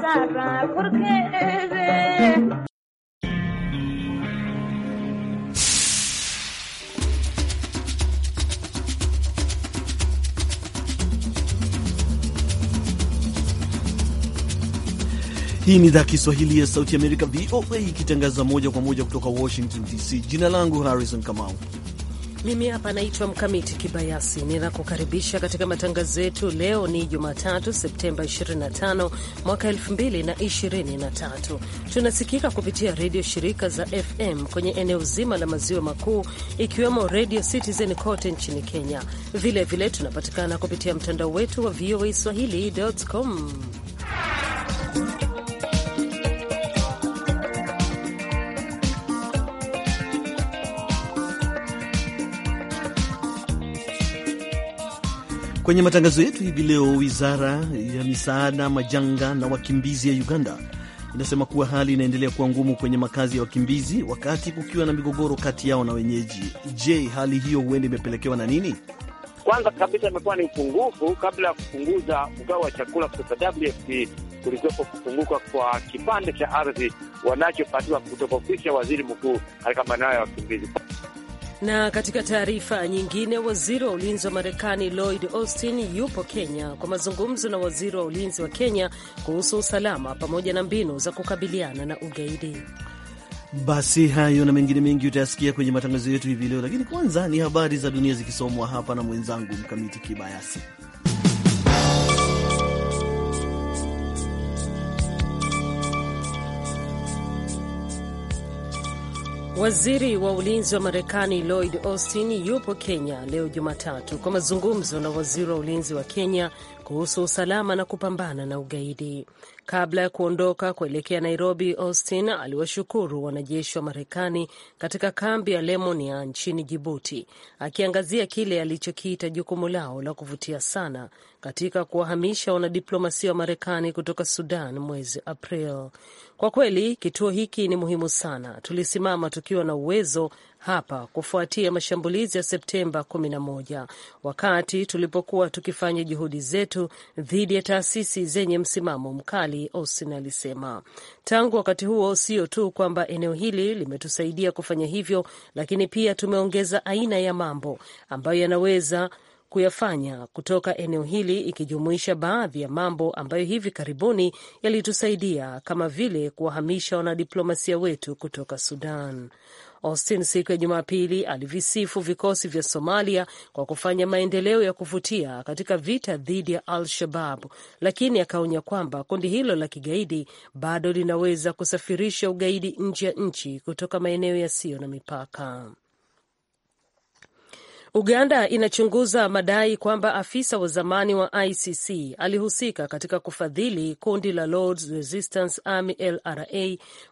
Sara Jorge. Hii ni idhaa Kiswahili ya Sauti Amerika, VOA, ikitangaza moja kwa moja kutoka Washington DC. Jina langu Harrison Kamau mimi hapa naitwa Mkamiti Kibayasi, ninakukaribisha katika matangazo yetu. Leo ni Jumatatu, Septemba 25 mwaka 2023. Tunasikika kupitia redio shirika za FM kwenye eneo zima la maziwa makuu, ikiwemo redio Citizen kote nchini Kenya. Vilevile vile tunapatikana kupitia mtandao wetu wa VOA swahili.com Kwenye matangazo yetu hivi leo, wizara ya misaada, majanga na wakimbizi ya Uganda inasema kuwa hali inaendelea kuwa ngumu kwenye makazi ya wakimbizi wakati kukiwa na migogoro kati yao na wenyeji. Je, hali hiyo huenda imepelekewa na nini? Kwanza kabisa imekuwa ni upungufu, kabla ya kupunguza mgao wa chakula kutoka WFP, kulikuwepo kupunguka kwa kipande cha ardhi wanachopatiwa kutoka ofisi ya waziri mkuu katika maeneo ya wakimbizi. Na katika taarifa nyingine, waziri wa ulinzi wa Marekani Lloyd Austin yupo Kenya kwa mazungumzo na waziri wa ulinzi wa Kenya kuhusu usalama pamoja na mbinu za kukabiliana na ugaidi. Basi hayo na mengine mengi utayasikia kwenye matangazo yetu hivi leo, lakini kwanza ni habari za dunia zikisomwa hapa na mwenzangu Mkamiti Kibayasi. Waziri wa ulinzi wa Marekani Lloyd Austin yupo Kenya leo Jumatatu kwa mazungumzo na waziri wa ulinzi wa Kenya kuhusu usalama na kupambana na ugaidi. Kabla ya kuondoka kuelekea Nairobi, Austin aliwashukuru wanajeshi wa Marekani katika kambi ya Lemonia nchini Jibuti, akiangazia kile alichokiita jukumu lao la kuvutia sana katika kuwahamisha wanadiplomasia wa Marekani kutoka Sudan mwezi April. Kwa kweli kituo hiki ni muhimu sana, tulisimama tukiwa na uwezo hapa kufuatia mashambulizi ya Septemba 11 wakati tulipokuwa tukifanya juhudi zetu dhidi ya taasisi zenye msimamo mkali, Austin alisema. Tangu wakati huo, sio tu kwamba eneo hili limetusaidia kufanya hivyo, lakini pia tumeongeza aina ya mambo ambayo yanaweza kuyafanya kutoka eneo hili ikijumuisha baadhi ya mambo ambayo hivi karibuni yalitusaidia kama vile kuwahamisha wanadiplomasia wetu kutoka Sudan. Austin siku ya Jumapili alivisifu vikosi vya Somalia kwa kufanya maendeleo ya kuvutia katika vita dhidi ya Al-Shabab, lakini akaonya kwamba kundi hilo la kigaidi bado linaweza kusafirisha ugaidi nje ya nchi kutoka maeneo yasiyo na mipaka. Uganda inachunguza madai kwamba afisa wa zamani wa ICC alihusika katika kufadhili kundi la Lords Resistance Army LRA,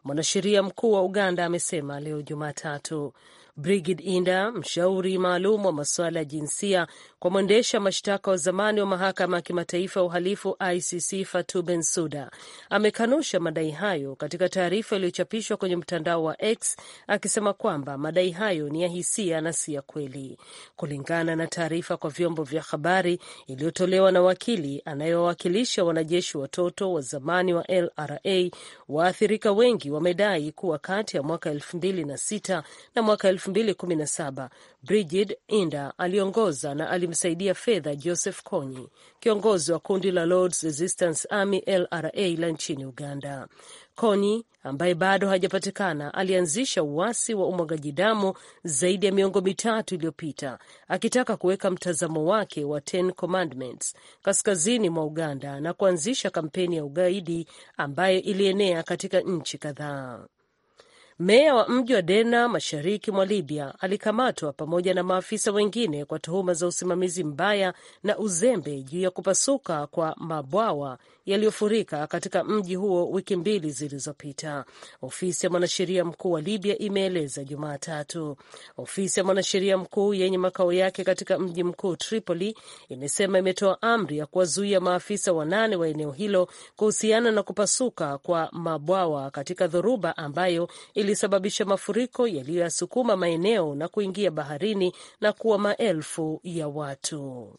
mwanasheria mkuu wa Uganda amesema leo Jumatatu. Brigid Inda, mshauri maalum wa masuala ya jinsia kwa mwendesha mashtaka wa zamani wa mahakama ya kimataifa ya uhalifu ICC Fatou Bensouda amekanusha madai hayo katika taarifa iliyochapishwa kwenye mtandao wa X akisema kwamba madai hayo ni ya hisia na si ya kweli. Kulingana na taarifa kwa vyombo vya habari iliyotolewa na wakili anayewawakilisha wanajeshi watoto wa zamani wa LRA, waathirika wengi wamedai kuwa kati ya mwaka elfu na mwaka 2017 Brigid Inda aliongoza na alimsaidia fedha Joseph Kony, kiongozi wa kundi la Lords Resistance Army LRA la nchini Uganda. Kony ambaye bado hajapatikana alianzisha uasi wa umwagaji damu zaidi ya miongo mitatu iliyopita akitaka kuweka mtazamo wake wa Ten Commandments kaskazini mwa Uganda na kuanzisha kampeni ya ugaidi ambayo ilienea katika nchi kadhaa. Meya wa mji wa dena mashariki mwa Libya alikamatwa pamoja na maafisa wengine kwa tuhuma za usimamizi mbaya na uzembe juu ya kupasuka kwa mabwawa yaliyofurika katika mji huo wiki mbili zilizopita, ofisi ya mwanasheria mkuu wa Libya imeeleza Jumatatu. Ofisi ya mwanasheria mkuu yenye makao yake katika mji mkuu Tripoli imesema imetoa amri ya kuwazuia maafisa wanane wa eneo hilo kuhusiana na kupasuka kwa mabwawa katika dhoruba ambayo ili ilisababisha mafuriko yaliyoyasukuma maeneo na kuingia baharini na kuwa maelfu ya watu.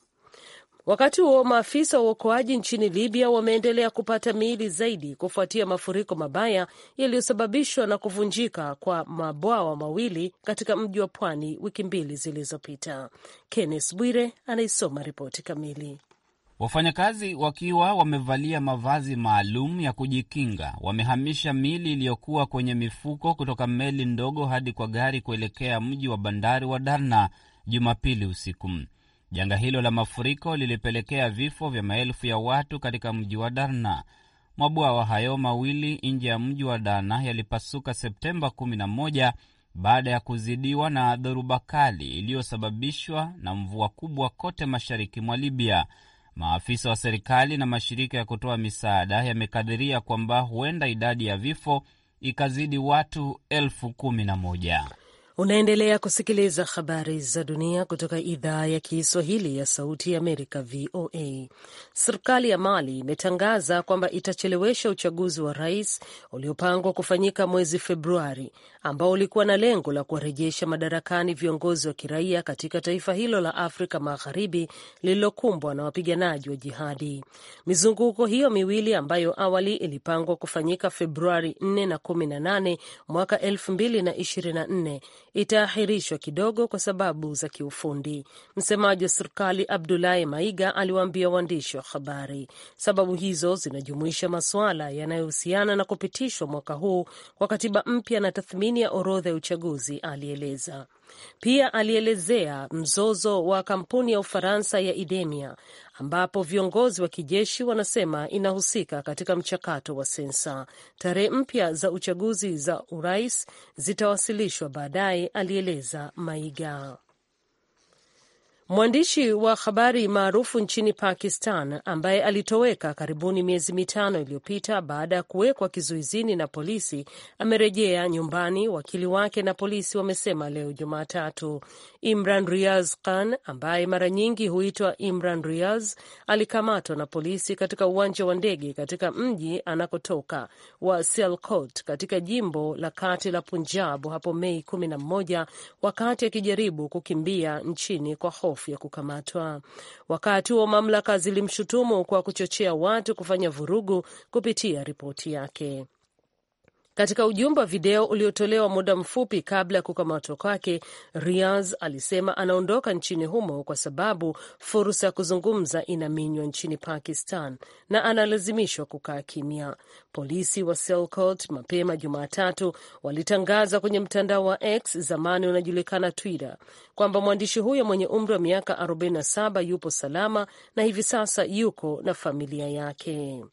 Wakati huo maafisa wa uokoaji nchini Libya wameendelea kupata miili zaidi kufuatia mafuriko mabaya yaliyosababishwa na kuvunjika kwa mabwawa mawili katika mji wa pwani wiki mbili zilizopita. Kenneth Bwire anaisoma ripoti kamili. Wafanyakazi wakiwa wamevalia mavazi maalum ya kujikinga wamehamisha mili iliyokuwa kwenye mifuko kutoka meli ndogo hadi kwa gari kuelekea mji wa bandari wa Darna Jumapili usiku. Janga hilo la mafuriko lilipelekea vifo vya maelfu ya watu katika mji wa Darna. Mabwawa hayo mawili nje ya mji wa Darna yalipasuka Septemba 11 baada ya kuzidiwa na dhoruba kali iliyosababishwa na mvua kubwa kote mashariki mwa Libya. Maafisa wa serikali na mashirika ya kutoa misaada yamekadiria kwamba huenda idadi ya vifo ikazidi watu elfu kumi na moja. Unaendelea kusikiliza habari za dunia kutoka idhaa ya Kiswahili ya Sauti ya Amerika, VOA. Serikali ya Mali imetangaza kwamba itachelewesha uchaguzi wa rais uliopangwa kufanyika mwezi Februari, ambao ulikuwa na lengo la kuwarejesha madarakani viongozi wa kiraia katika taifa hilo la Afrika Magharibi lililokumbwa na wapiganaji wa jihadi. Mizunguko hiyo miwili ambayo awali ilipangwa kufanyika Februari 4 na 18 mwaka 2024 itaahirishwa kidogo kwa sababu za kiufundi. Msemaji wa serikali Abdulahi Maiga aliwaambia waandishi wa habari sababu hizo zinajumuisha masuala yanayohusiana na kupitishwa mwaka huu kwa katiba mpya na tathmini chini ya orodha ya uchaguzi, alieleza. Pia alielezea mzozo wa kampuni ya Ufaransa ya Idemia ambapo viongozi wa kijeshi wanasema inahusika katika mchakato wa sensa. Tarehe mpya za uchaguzi za urais zitawasilishwa baadaye, alieleza Maiga. Mwandishi wa habari maarufu nchini Pakistan ambaye alitoweka karibuni miezi mitano iliyopita baada ya kuwekwa kizuizini na polisi amerejea nyumbani, wakili wake na polisi wamesema leo Jumatatu. Imran Riaz Khan ambaye mara nyingi huitwa Imran Riaz alikamatwa na polisi katika uwanja wa ndege katika mji anakotoka wa Sialkot katika jimbo la kati la Punjab hapo Mei 11 wakati akijaribu kukimbia nchini kwa hofu hofu ya kukamatwa. Wakati huo, mamlaka zilimshutumu kwa kuchochea watu kufanya vurugu kupitia ripoti yake. Katika ujumbe wa video uliotolewa muda mfupi kabla ya kukamatwa kwake, Riaz alisema anaondoka nchini humo kwa sababu fursa ya kuzungumza inaminywa nchini Pakistan na analazimishwa kukaa kimya. Polisi wa Sialkot mapema Jumatatu walitangaza kwenye mtandao wa X, zamani unajulikana Twitter, kwamba mwandishi huyo mwenye umri wa miaka 47 yupo salama na hivi sasa yuko na familia yake.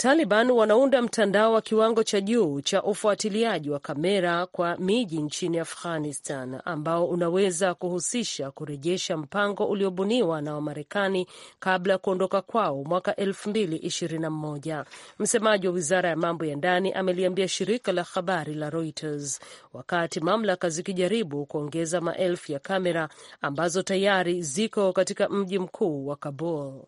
Taliban wanaunda mtandao wa kiwango cha juu cha ufuatiliaji wa kamera kwa miji nchini Afghanistan ambao unaweza kuhusisha kurejesha mpango uliobuniwa na Wamarekani kabla ya kuondoka kwao mwaka 2021. Msemaji wa wizara ya mambo ya ndani ameliambia shirika la habari la Reuters, wakati mamlaka zikijaribu kuongeza maelfu ya kamera ambazo tayari ziko katika mji mkuu wa Kabul.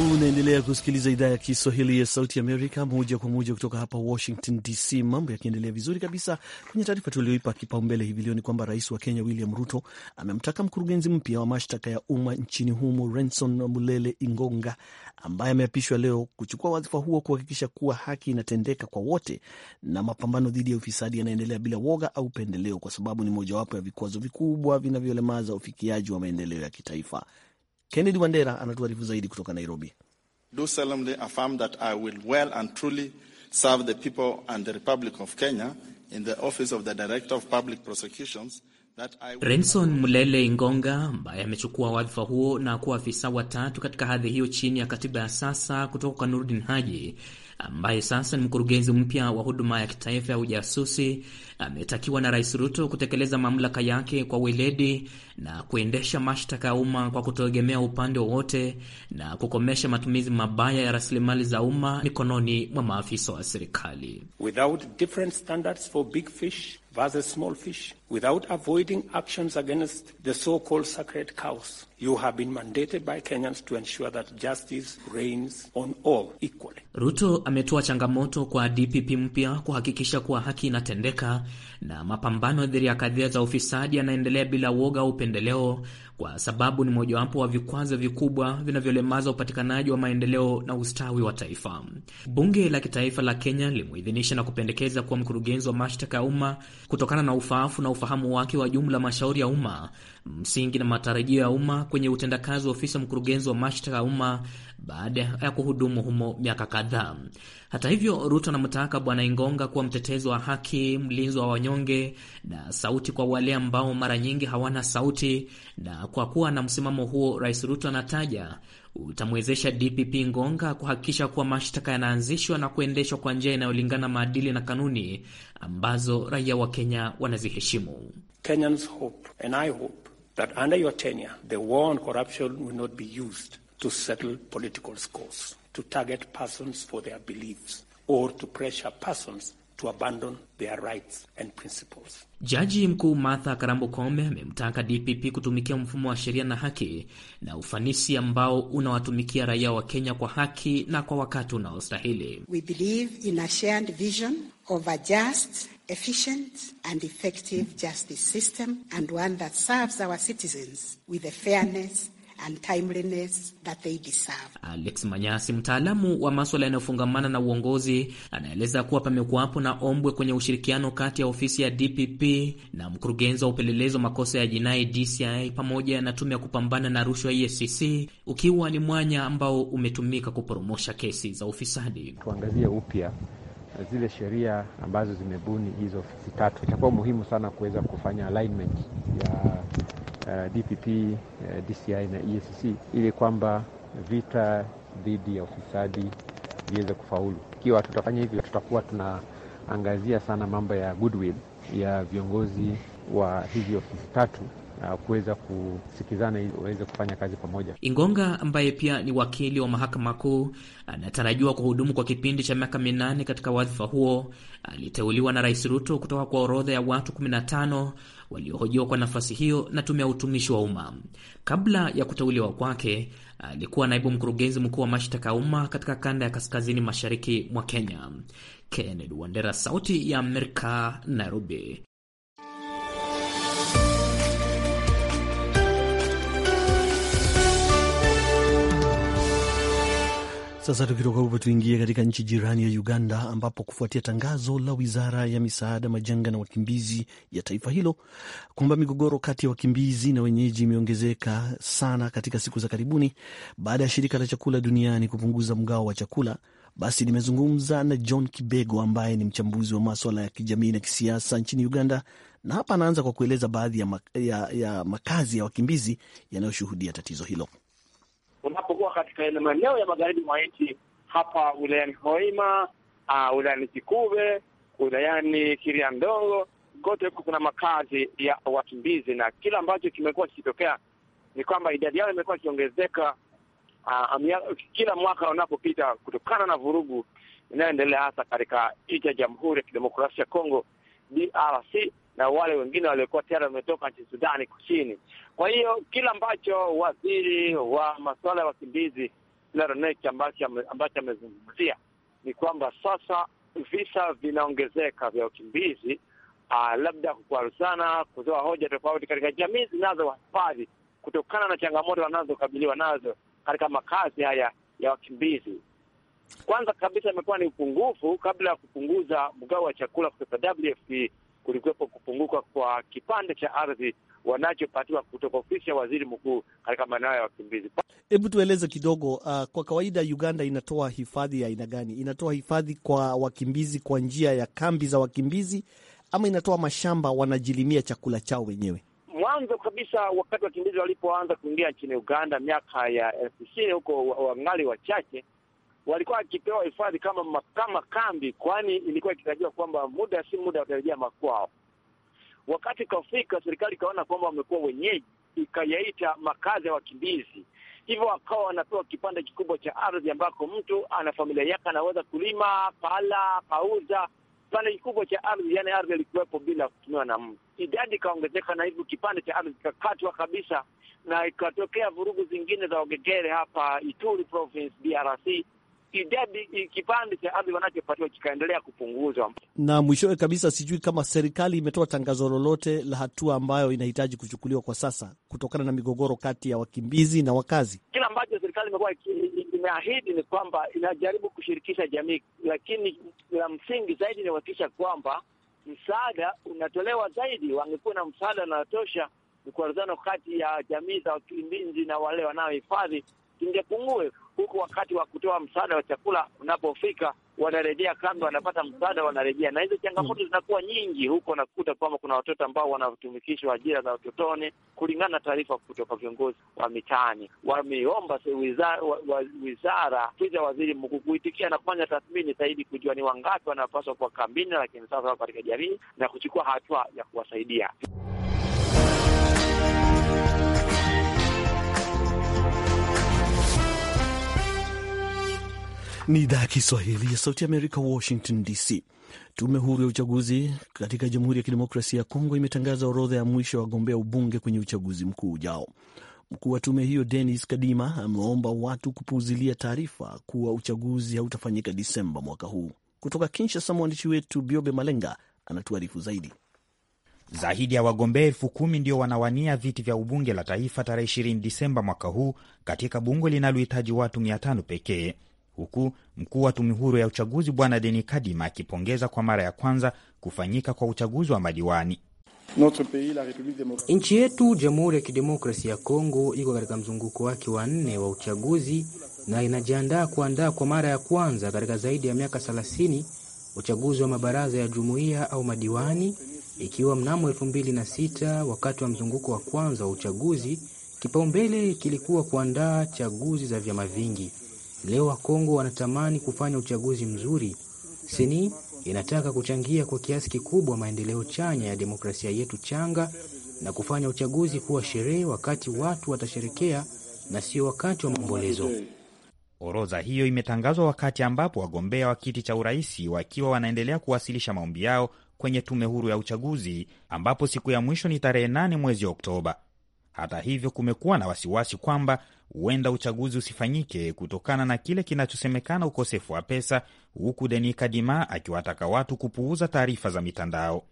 Unaendelea kusikiliza idhaa ya Kiswahili ya Sauti Amerika moja kwa moja kutoka hapa Washington DC. Mambo yakiendelea vizuri kabisa. Kwenye taarifa tulioipa kipaumbele hivi leo ni kwamba rais wa Kenya William Ruto amemtaka mkurugenzi mpya wa mashtaka ya umma nchini humo Renson Mulele Ingonga ambaye ameapishwa leo kuchukua wadhifa huo kuhakikisha kuwa haki inatendeka kwa wote na mapambano dhidi ya ufisadi yanaendelea bila woga au pendeleo, kwa sababu ni mojawapo ya vikwazo vikubwa vinavyolemaza ufikiaji wa maendeleo ya kitaifa. Kennedy Wandera anatuarifu zaidi kutoka Nairobi. Do solemnly affirm that I will well and truly serve the people and the Republic of Kenya in the office of the Director of Public Prosecutions. Renson Mulele Ingonga ambaye amechukua wadhifa huo na kuwa afisa watatu katika hadhi hiyo chini ya katiba ya sasa kutoka kwa Nurdin Haji ambaye sasa ni mkurugenzi mpya wa huduma ya kitaifa ya ujasusi, ametakiwa na Rais Ruto kutekeleza mamlaka yake kwa weledi na kuendesha mashtaka ya umma kwa kutoegemea upande wowote na kukomesha matumizi mabaya ya rasilimali za umma mikononi mwa maafisa wa serikali. Without different standards for big fish versus small fish without avoiding actions against the so-called sacred cows. You have been mandated by Kenyans to ensure that justice reigns on all equally. Ruto ametoa changamoto kwa DPP mpya kuhakikisha kuwa haki inatendeka na mapambano dhidi ya kadhia za ufisadi yanaendelea bila woga au upendeleo, kwa sababu ni mojawapo wa vikwazo vikubwa vinavyolemaza upatikanaji wa maendeleo na ustawi wa taifa. Bunge la Kitaifa la Kenya limeidhinisha na kupendekeza kuwa mkurugenzi wa mashtaka ya umma, kutokana na ufaafu na ufahamu wake wa jumla mashauri ya umma, msingi na matarajio ya umma kwenye utendakazi wa ofisi ya mkurugenzi wa mashtaka ya umma baada ya kuhudumu humo miaka kadhaa. Hata hivyo, Ruto anamtaka Bwana Ingonga kuwa mtetezi wa haki, mlinzi wa wanyonge na sauti kwa wale ambao mara nyingi hawana sauti, na kwa kuwa na msimamo huo, Rais Ruto anataja utamwezesha DPP Ngonga kuhakikisha kuwa mashtaka yanaanzishwa na kuendeshwa kwa njia inayolingana maadili na kanuni ambazo raia wa Kenya wanaziheshimu. Kenyans hope and I hope that under your tenure the war on corruption will not be used to settle political scores, to target persons for their beliefs, or to pressure persons to abandon their rights and principles. Jaji Mkuu Martha Karambu Kome amemtaka DPP kutumikia mfumo wa sheria na haki na ufanisi ambao unawatumikia raia wa Kenya kwa haki na kwa wakati unaostahili. We believe in a shared vision of a just, efficient and effective justice system and one that serves our citizens with the fairness and timeliness that they deserve. Alex Manyasi, mtaalamu wa maswala yanayofungamana na uongozi, anaeleza kuwa pamekuwapo na ombwe kwenye ushirikiano kati ya ofisi ya DPP na mkurugenzi wa upelelezi wa makosa ya jinai DCI pamoja na tume ya kupambana na rushwa EACC, ukiwa ni mwanya ambao umetumika kuporomosha kesi za ufisadi. Tuangazie upya eh, zile sheria ambazo zimebuni hizo ofisi tatu. Itakuwa muhimu sana kuweza kufanya alignment ya Uh, DPP uh, DCI na EACC ili kwamba vita dhidi ya ufisadi viweze kufaulu. Ikiwa tutafanya hivyo, tutakuwa tunaangazia sana mambo ya goodwill ya viongozi wa hizi ofisi tatu uh, kuweza kusikizana ili waweze kufanya kazi pamoja. Ingonga ambaye pia ni wakili wa mahakama kuu anatarajiwa kuhudumu kwa kipindi cha miaka minane katika wadhifa huo. Aliteuliwa na Rais Ruto kutoka kwa orodha ya watu 15 waliohojiwa kwa nafasi hiyo na tume ya utumishi wa umma. Kabla ya kuteuliwa kwake, alikuwa naibu mkurugenzi mkuu wa mashtaka ya umma katika kanda ya kaskazini mashariki mwa Kenya. Kennedy Wandera, Sauti ya Amerika, Nairobi. Sasa tukitoka huko tuingie katika nchi jirani ya Uganda, ambapo kufuatia tangazo la wizara ya misaada, majanga na wakimbizi ya taifa hilo kwamba migogoro kati ya wakimbizi na wenyeji imeongezeka sana katika siku za karibuni baada ya shirika la chakula duniani kupunguza mgao wa chakula, basi nimezungumza na John Kibego ambaye ni mchambuzi wa maswala ya kijamii na kisiasa nchini Uganda, na hapa anaanza kwa kueleza baadhi ya, mak ya, ya makazi ya wakimbizi yanayoshuhudia tatizo hilo katika ile maeneo ya magharibi mwa nchi hapa wilayani Hoima, uh, wilayani Kikube, wilayani Kiriandongo, kote huko kuna makazi ya wakimbizi, na kile ambacho kimekuwa kikitokea ni kwamba idadi yao imekuwa ikiongezeka uh, kila mwaka unapopita kutokana na vurugu inayoendelea hasa katika nchi ya Jamhuri ya Kidemokrasia ya Kongo DRC na wale wengine waliokuwa tayari wametoka nchi Sudani Kusini. Kwa hiyo kila ambacho waziri wa masuala ya wakimbizi Ronek ambacho amezungumzia ni kwamba sasa visa vinaongezeka vya wakimbizi, ah, labda kukwarusana, kutoa hoja tofauti katika jamii zinazo wahifadhi kutokana na changamoto wanazokabiliwa nazo katika makazi haya ya wakimbizi. Kwanza kabisa imekuwa ni upungufu, kabla ya kupunguza mgao wa chakula kutoka WFP kulikuwepo kupunguka kwa kipande cha ardhi wanachopatiwa kutoka ofisi ya waziri mkuu katika maeneo ya wakimbizi. Hebu tueleze kidogo. Uh, kwa kawaida Uganda inatoa hifadhi ya aina gani? Inatoa hifadhi kwa wakimbizi kwa njia ya kambi za wakimbizi, ama inatoa mashamba wanajilimia chakula chao wenyewe? Mwanzo kabisa wakati wakimbizi walipoanza kuingia nchini Uganda miaka ya elfu ishirini huko, wangali wachache walikuwa wakipewa hifadhi kama kama kambi, kwani ilikuwa ikitarajiwa kwamba muda si muda watarejea makwao. Wakati kafika, serikali ikaona kwamba wamekuwa wenyeji, ikayaita makazi ya wakimbizi, hivyo wakawa wanapewa kipande kikubwa cha ardhi ambako mtu ana familia yake anaweza kulima pala pauza kipande kikubwa cha ardhi, yani ardhi ilikuwepo bila kutumiwa na mtu. Idadi ikaongezeka na hivyo kipande cha ardhi kikakatwa kabisa, na ikatokea vurugu zingine za Wagegere hapa Ituri province DRC idadi kipande cha ardhi wanachopatiwa kikaendelea kupunguzwa. Na mwishowe kabisa, sijui kama serikali imetoa tangazo lolote la hatua ambayo inahitaji kuchukuliwa kwa sasa kutokana na migogoro kati ya wakimbizi na wakazi. Kila ambacho serikali imekuwa imeahidi ni kwamba inajaribu kushirikisha jamii, lakini la msingi zaidi ni kuhakikisha kwamba msaada unatolewa zaidi. Wangekuwa na msaada unaotosha, ni kuelezana kati ya jamii za wakimbizi na wale wanaohifadhi ingepungue, huku wakati wa kutoa msaada wa chakula unapofika, wanarejea kambi, wanapata msaada, wanarejea. Na hizo changamoto zinakuwa nyingi huko, nakuta kwamba kuna watoto ambao wanatumikishwa ajira za utotoni, kulingana na taarifa kutoka viongozi wa mitaani. Wameomba wizara wizara kiza waziri mkuu kuitikia na kufanya tathmini zaidi kujua ni wangapi wanapaswa kuwa kambini, lakini sasa katika jamii na kuchukua hatua ya kuwasaidia. Ni idhaa ya Kiswahili ya Sauti Amerika, Washington DC. Tume huru ya uchaguzi katika Jamhuri ya Kidemokrasia ya Kongo imetangaza orodha ya mwisho wa wagombea ubunge kwenye uchaguzi mkuu ujao. Mkuu wa tume hiyo Denis Kadima ameomba watu kupuuzilia taarifa kuwa uchaguzi hautafanyika Disemba mwaka huu. Kutoka Kinshasa, mwandishi wetu Biobe Malenga anatuarifu zaidi. Zaidi ya wagombea elfu kumi ndio wanawania viti vya ubunge la taifa tarehe 20 Disemba mwaka huu katika bunge linalohitaji watu 500 pekee huku mkuu wa tume huru ya uchaguzi Bwana Deni Kadima akipongeza kwa mara ya kwanza kufanyika kwa uchaguzi wa madiwani. Nchi yetu Jamhuri ya kidemokrasi ya Kongo iko katika mzunguko wake wa nne wa uchaguzi na inajiandaa kuandaa kwa mara ya kwanza katika zaidi ya miaka 30 uchaguzi wa mabaraza ya jumuiya au madiwani, ikiwa mnamo elfu sita wakati wa mzunguko wa kwanza wa uchaguzi kipaumbele kilikuwa kuandaa chaguzi za vyama vingi. Leo Wakongo wanatamani kufanya uchaguzi mzuri. Seni inataka kuchangia kwa kiasi kikubwa maendeleo chanya ya demokrasia yetu changa na kufanya uchaguzi kuwa sherehe, wakati watu watasherekea na sio wakati wa maombolezo. Orodha hiyo imetangazwa wakati ambapo wagombea wa kiti cha urahisi wakiwa wanaendelea kuwasilisha maombi yao kwenye tume huru ya uchaguzi ambapo siku ya mwisho ni tarehe 8 mwezi Oktoba. Hata hivyo, kumekuwa na wasiwasi kwamba huenda uchaguzi usifanyike kutokana na kile kinachosemekana ukosefu wa pesa, huku Denis Kadima akiwataka watu kupuuza taarifa za mitandao.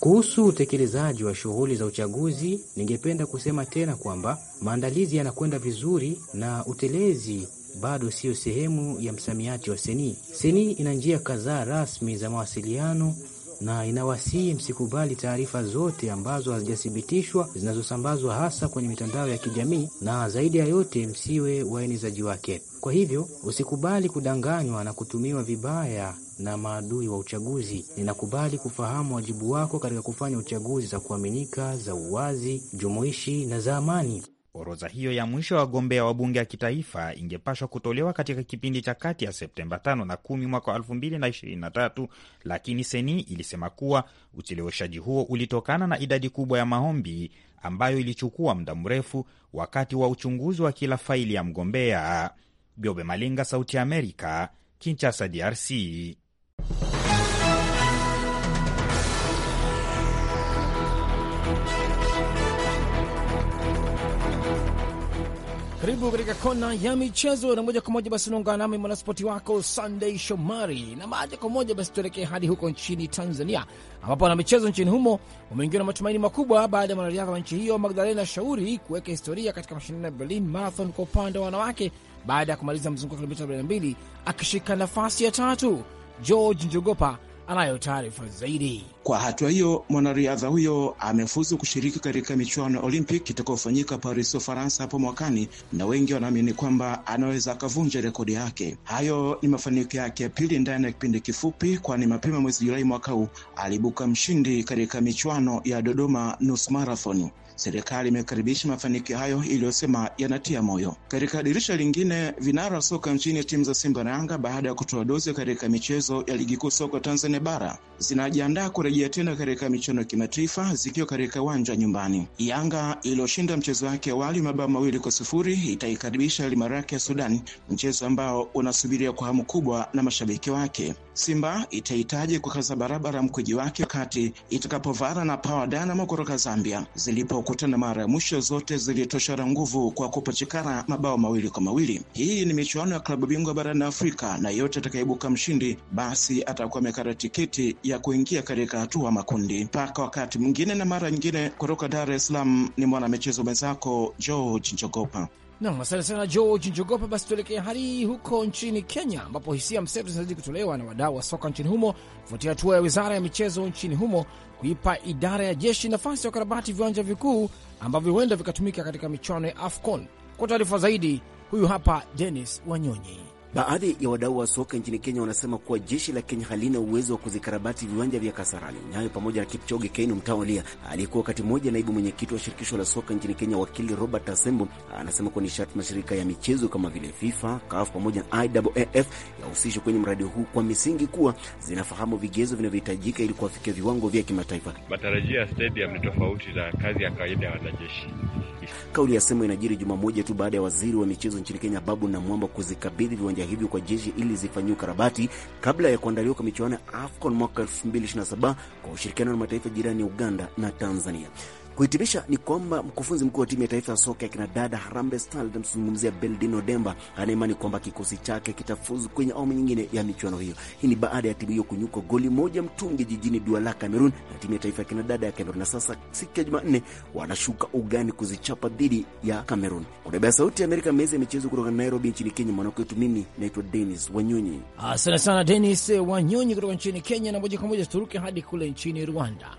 Kuhusu utekelezaji wa shughuli za uchaguzi, ningependa kusema tena kwamba maandalizi yanakwenda vizuri na utelezi bado siyo sehemu ya msamiati wa Seni. Seni ina njia kadhaa rasmi za mawasiliano na inawasihi msikubali taarifa zote ambazo hazijathibitishwa zinazosambazwa hasa kwenye mitandao ya kijamii, na zaidi ya yote msiwe waenezaji wake. Kwa hivyo usikubali kudanganywa na kutumiwa vibaya na maadui wa uchaguzi. Ninakubali kufahamu wajibu wako katika kufanya uchaguzi za kuaminika, za uwazi, jumuishi na za amani. Orodha hiyo ya mwisho wa wagombea wa bunge ya kitaifa ingepashwa kutolewa katika kipindi cha kati ya Septemba 5 na 10 mwaka 2023, lakini Seni ilisema kuwa ucheleweshaji huo ulitokana na idadi kubwa ya maombi ambayo ilichukua muda mrefu wakati wa uchunguzi wa kila faili ya mgombea. Biobe malinga Sauti ya Amerika, Kinchasa, DRC. Karibu katika kona ya michezo, na moja kwa moja basi unaungana nami mwanaspoti wako Sunday Shomari, na moja kwa moja basi tuelekee hadi huko nchini Tanzania, ambapo wana michezo nchini humo wameingiwa na matumaini makubwa baada ya mwanariadha wa nchi hiyo Magdalena Shauri kuweka historia katika mashindano ya Berlin Marathon kwa upande wa wanawake baada ya kumaliza mzunguko wa kilomita 42 akishika nafasi ya tatu. George Njogopa anayo taarifa zaidi. Kwa hatua hiyo, mwanariadha huyo amefuzu kushiriki katika michuano ya Olympic itakayofanyika Paris, Ufaransa hapo mwakani, na wengi wanaamini kwamba anaweza akavunja rekodi yake. Hayo ni mafanikio yake ya pili ndani ya kipindi kifupi, kwani mapema mwezi Julai mwaka huu alibuka mshindi katika michuano ya Dodoma nusu marathon. Serikali imekaribisha mafanikio hayo iliyosema yanatia moyo. Katika dirisha lingine, vinara wa soka nchini timu za Simba na Yanga baada ya kutoa dozi katika michezo ya ligi kuu soka Tanzania bara zinajiandaa kurejea tena katika michuano ya kimataifa zikiwa katika uwanja nyumbani. Yanga iliyoshinda mchezo wake awali mabao mawili kwa sufuri itaikaribisha limarake ya Sudani, mchezo ambao unasubiria kwa hamu kubwa na mashabiki wake. Simba itahitaji kukaza barabara mkuji wake wakati itakapovara na Power Dynamo kutoka Zambia zilipo kukutana mara ya mwisho zote zilitoshana nguvu kwa kupachikana mabao mawili kwa mawili. Hii ni michuano ya klabu bingwa barani Afrika na yote atakaibuka mshindi basi atakuwa amekata tiketi ya kuingia katika hatua makundi. Mpaka wakati mwingine na mara nyingine, kutoka Dar es Salaam ni mwanamichezo mwenzako George Njogopa. Nam, asante sana George Njogopa. Basi tuelekee hadi huko nchini Kenya, ambapo hisia mseto zinazidi kutolewa na wadau wa soka nchini humo kufuatia hatua ya wizara ya michezo nchini humo kuipa idara ya jeshi nafasi ya ukarabati viwanja vikuu ambavyo huenda vikatumika katika michuano ya AFCON. Kwa taarifa zaidi, huyu hapa Dennis Wanyonyi. Baadhi ya wadau wa soka nchini Kenya wanasema kuwa jeshi la Kenya halina uwezo wa kuzikarabati viwanja vya Kasarani, Nyayo pamoja na Kipchoge Keino mtawalia. Aliyekuwa wakati mmoja naibu mwenyekiti wa shirikisho la soka nchini Kenya, wakili Robert Asembo, anasema kuwa ni sharti mashirika ya michezo kama vile FIFA, CAF pamoja na IAAF yahusishwe kwenye mradi huu kwa misingi kuwa zinafahamu vigezo vinavyohitajika ili kuwafikia viwango vya kimataifa. Matarajio ya stadium ni tofauti na kazi ya kawaida ya wanajeshi. Kauli ya Asembo inajiri juma moja tu baada ya waziri wa michezo nchini Kenya Babu Namwamba kuzikabidhi viwanja kufanya hivyo kwa jeshi ili zifanyiwe ukarabati kabla ya kuandaliwa kwa michuano ya AFCON mwaka 2027 kwa ushirikiano na mataifa jirani ya Uganda na Tanzania. Kuhitimisha ni kwamba mkufunzi mkuu wa timu ya taifa ya soka ya kinadada Harambe Stars anamzungumzia Beldino Demba anaimani kwamba kikosi chake kitafuzu kwenye awamu nyingine ya michuano hiyo. Hii ni baada ya timu hiyo kunyuka goli moja mtungi jijini Duala, Cameroon, na timu ya taifa ya kinadada ya Cameroon. Na sasa siku ya Jumanne wanashuka ugani kuzichapa dhidi ya Cameroon. Kwa Sauti ya Amerika, meza ya michezo kutoka Nairobi nchini Kenya, mwanakwetu mimi naitwa Denis Wanyonyi. Asante sana Denis Wanyonyi kutoka nchini Kenya. Na moja kwa moja turuke hadi kule nchini Rwanda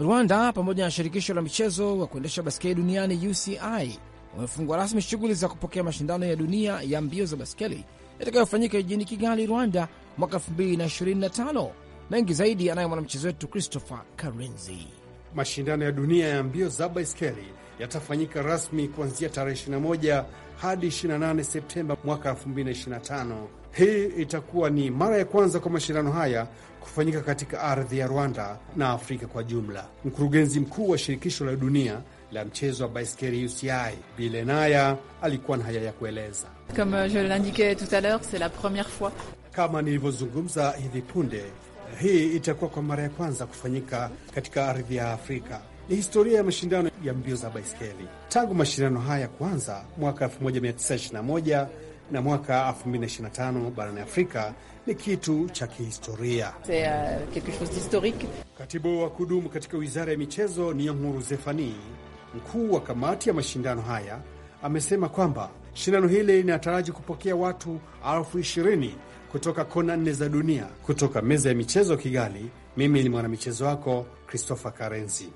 Rwanda pamoja na shirikisho la michezo wa kuendesha baskeli duniani UCI wamefungua rasmi shughuli za kupokea mashindano ya dunia ya mbio za baskeli yatakayofanyika jijini Kigali, Rwanda mwaka 2025. Mengi zaidi anayo mwanamchezo wetu Christopher Karenzi. Mashindano ya dunia ya mbio za baiskeli yatafanyika rasmi kuanzia tarehe 21 hadi 28 Septemba mwaka 2025. Hii itakuwa ni mara ya kwanza kwa mashindano haya kufanyika katika ardhi ya Rwanda na Afrika kwa jumla. Mkurugenzi mkuu wa shirikisho la dunia la mchezo wa baiskeli UCI Bilenaya alikuwa na haya ya kueleza. Comme je l'indiquais tout l'heure, c'est la première fois. Kama nilivyozungumza hivi punde, hii itakuwa kwa mara ya kwanza kufanyika katika ardhi ya Afrika. Ni historia ya mashindano ya mbio za baiskeli tangu mashindano haya kuanza mwaka 1921 na mwaka 2025 barani Afrika ni kitu cha kihistoria. Katibu wa kudumu katika wizara ya michezo ni Yanguru Zefani, mkuu wa kamati ya mashindano haya, amesema kwamba shindano hili linataraji kupokea watu elfu ishirini kutoka kona nne za dunia. Kutoka meza ya michezo Kigali, mimi ni mwanamichezo wako Christopher Karenzi.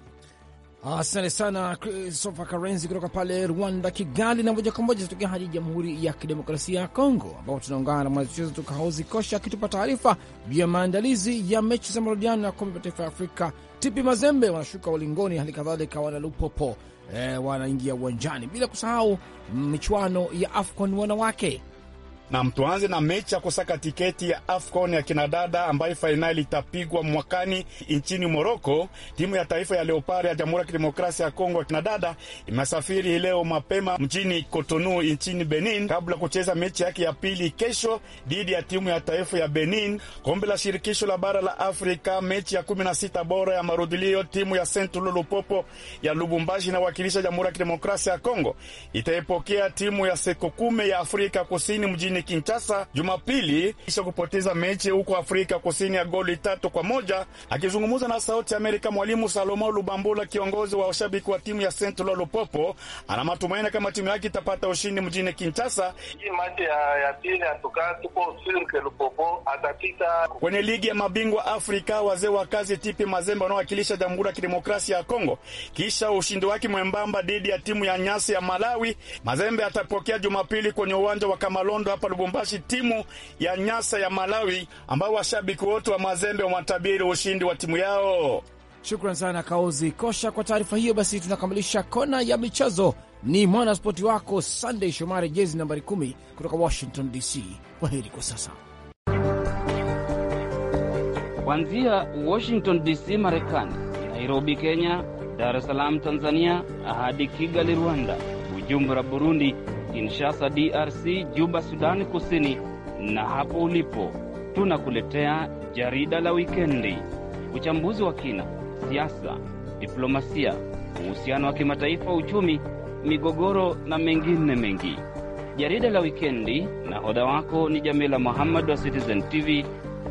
Asante sana Christopher Karenzi kutoka pale Rwanda, Kigali. Na moja kwa moja tutokea hadi Jamhuri ya Kidemokrasia ya Kongo, ambapo tunaungana na mwanamichezo Tukahozi Kosha akitupa taarifa juu ya maandalizi ya mechi za marudiano ya kombe mataifa ya Afrika. Tipi Mazembe wanashuka ulingoni, hali kadhalika wana lupopo e, wanaingia uwanjani, bila kusahau michuano ya AFCON wanawake na mtuanze na mechi ya kusaka tiketi ya AFCON ya kinadada ambayo fainali itapigwa mwakani nchini Moroko. Timu ya taifa ya Leopard ya Jamhuri ya Kidemokrasia ya Kongo ya kinadada imesafiri leo mapema mjini Cotonou nchini Benin kabla kucheza mechi yake ya pili kesho dhidi ya timu ya taifa ya Benin. Kombe la shirikisho la bara la Afrika, mechi ya 16 bora ya marudilio, timu ya Saint Lupopo ya Lubumbashi inawakilisha Jamhuri ya Kidemokrasia ya Kongo itaipokea timu ya Sekokume ya Afrika Kusini mjini mjini Kinshasa Jumapili kisha kupoteza mechi huko Afrika Kusini ya goli tatu kwa moja. Akizungumza na Sauti Amerika, mwalimu Salomo Lubambula, kiongozi wa washabiki wa timu ya Saint Eloi Lupopo, ana matumaini kama timu yake itapata ushindi mjini Kinshasa. kwenye ligi ya mabingwa Afrika. Wazee wa kazi Tipi Mazembe wanaowakilisha Jamhuri ya Kidemokrasia ya Kongo kisha ushindi wake mwembamba dhidi ya timu ya nyasi ya Malawi, Mazembe atapokea Jumapili kwenye uwanja wa Kamalondo hapa Lubumbashi timu ya Nyasa ya Malawi, ambao washabiki wote wa Mazembe wamatabiri ushindi wa timu yao. Shukran sana Kaozi Kosha kwa taarifa hiyo. Basi tunakamilisha kona ya michezo. Ni mwanaspoti wako Sunday Shomari, jezi nambari kumi kutoka Washington DC. Kwa heri kwa sasa. Kuanzia Washington DC, Marekani, Nairobi, Kenya, Dar es Salaam, Tanzania, hadi Kigali, Rwanda, Bujumbura, Burundi. Kinshasa DRC, Juba Sudani Kusini, na hapo ulipo tunakuletea jarida la wikendi, uchambuzi wa kina, siasa, diplomasia, uhusiano wa kimataifa, uchumi, migogoro na mengine mengi. Jarida la wikendi na wako ni Jamila Muhammad wa Citizen TV,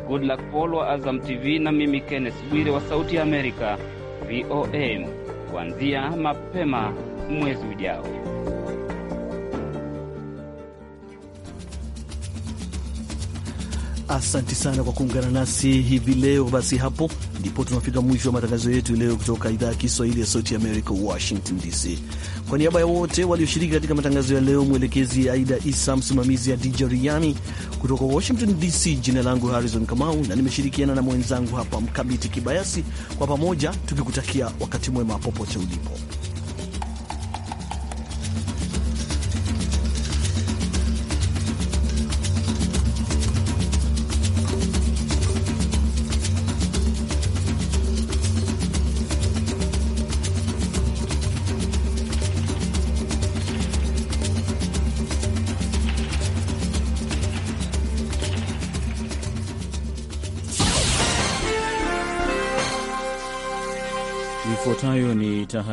Goodluck Paul wa Azam TV na mimi Kenneth Bwire wa Sauti ya Amerika VOA, kuanzia mapema mwezi ujao. Asanti sana kwa kuungana nasi hivi leo. Basi hapo ndipo tunafika mwisho wa matangazo yetu leo kutoka idhaa ya Kiswahili ya Sauti ya Amerika, Washington DC. Kwa niaba ya wote walioshiriki katika matangazo ya leo, mwelekezi Aida Isa, msimamizi ya DJ Riani kutoka Washington DC, jina langu Harrison Kamau na nimeshirikiana na mwenzangu hapa Mkamiti Kibayasi, kwa pamoja tukikutakia wakati mwema popote ulipo.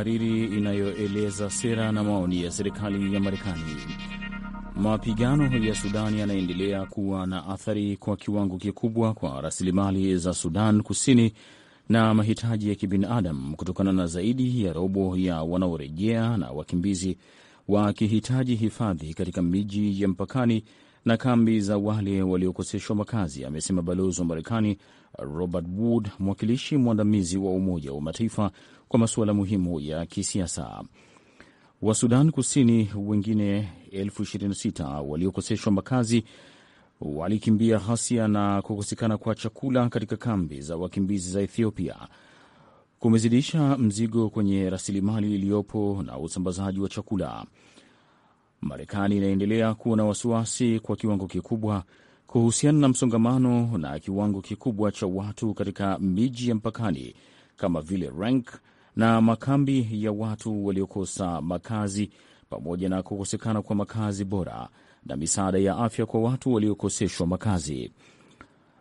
tahariri inayoeleza sera na maoni ya serikali ya Marekani. Mapigano ya Sudan yanaendelea kuwa na athari kwa kiwango kikubwa kwa rasilimali za Sudan Kusini na mahitaji ya kibinadamu, kutokana na zaidi ya robo ya wanaorejea na wakimbizi wakihitaji hifadhi katika miji ya mpakani na kambi za wale waliokoseshwa makazi, amesema balozi wa Marekani Robert Wood, mwakilishi mwandamizi wa Umoja wa Mataifa kwa masuala muhimu ya kisiasa. Wa Sudan Kusini wengine elfu 26 waliokoseshwa makazi walikimbia ghasia na kukosekana kwa chakula katika kambi za wakimbizi za Ethiopia kumezidisha mzigo kwenye rasilimali iliyopo na usambazaji wa chakula. Marekani inaendelea kuwa na wasiwasi kwa kiwango kikubwa kuhusiana na msongamano na kiwango kikubwa cha watu katika miji ya mpakani kama vile Rank na makambi ya watu waliokosa makazi pamoja na kukosekana kwa makazi bora na misaada ya afya kwa watu waliokoseshwa makazi.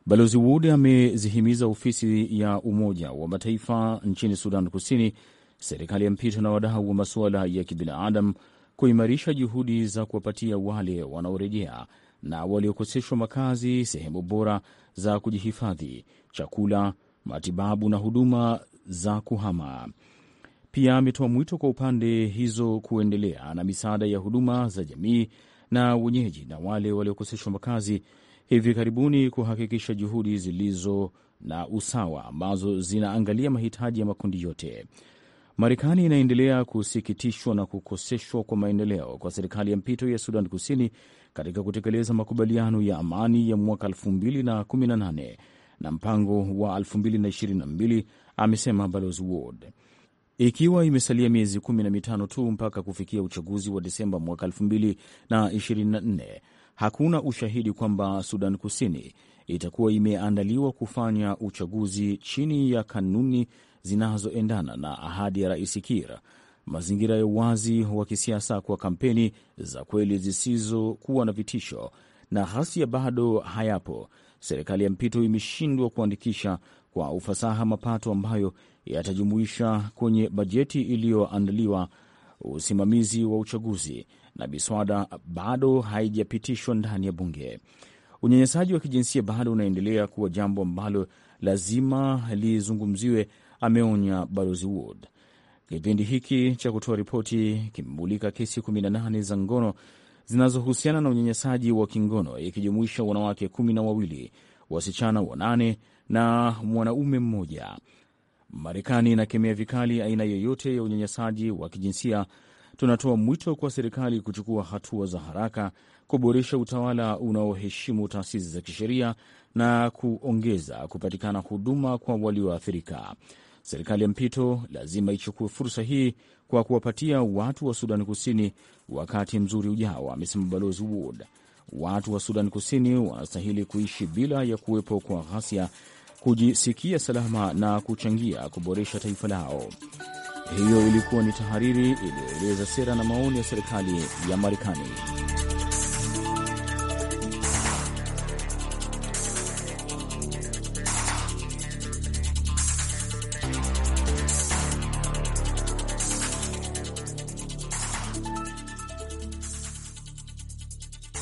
Balozi Wood amezihimiza ofisi ya Umoja wa Mataifa nchini Sudan Kusini, serikali ya mpito na wadau wa masuala ya kibinadamu kuimarisha juhudi za kuwapatia wale wanaorejea na waliokoseshwa makazi sehemu bora za kujihifadhi, chakula, matibabu na huduma za kuhama. Pia ametoa mwito kwa upande hizo kuendelea na misaada ya huduma za jamii na wenyeji na wale waliokoseshwa makazi hivi karibuni, kuhakikisha juhudi zilizo na usawa ambazo zinaangalia mahitaji ya makundi yote. Marekani inaendelea kusikitishwa na kukoseshwa kwa maendeleo kwa serikali ya mpito ya Sudan Kusini katika kutekeleza makubaliano ya amani ya mwaka 2018 na mpango wa 2022, amesema Balozi Ward. Ikiwa imesalia miezi 15 tu mpaka kufikia uchaguzi wa Desemba mwaka 2024, hakuna ushahidi kwamba Sudan Kusini itakuwa imeandaliwa kufanya uchaguzi chini ya kanuni zinazoendana na ahadi ya Rais Kiir, mazingira ya uwazi wa kisiasa kwa kampeni za kweli zisizokuwa na vitisho, na ghasia bado hayapo. Serikali ya mpito imeshindwa kuandikisha kwa ufasaha mapato ambayo yatajumuisha kwenye bajeti iliyoandaliwa. Usimamizi wa uchaguzi na miswada bado haijapitishwa ndani ya bunge. Unyanyasaji wa kijinsia bado unaendelea kuwa jambo ambalo lazima lizungumziwe, ameonya Balozi Wood. Kipindi hiki cha kutoa ripoti kimemulika kesi 18 za ngono zinazohusiana na unyanyasaji wa kingono ikijumuisha wanawake kumi na wawili, wasichana wanane na mwanaume mmoja. Marekani inakemea vikali aina yoyote ya unyanyasaji wa kijinsia. Tunatoa mwito kwa serikali kuchukua hatua za haraka, kuboresha utawala unaoheshimu taasisi za kisheria na kuongeza kupatikana huduma kwa walioathirika. Serikali ya mpito lazima ichukue fursa hii kwa kuwapatia watu wa Sudan Kusini wakati mzuri ujao, amesema Balozi Wood. Watu wa Sudan Kusini wanastahili kuishi bila ya kuwepo kwa ghasia, kujisikia salama na kuchangia kuboresha taifa lao. Hiyo ilikuwa ni tahariri iliyoeleza sera na maoni ya serikali ya Marekani.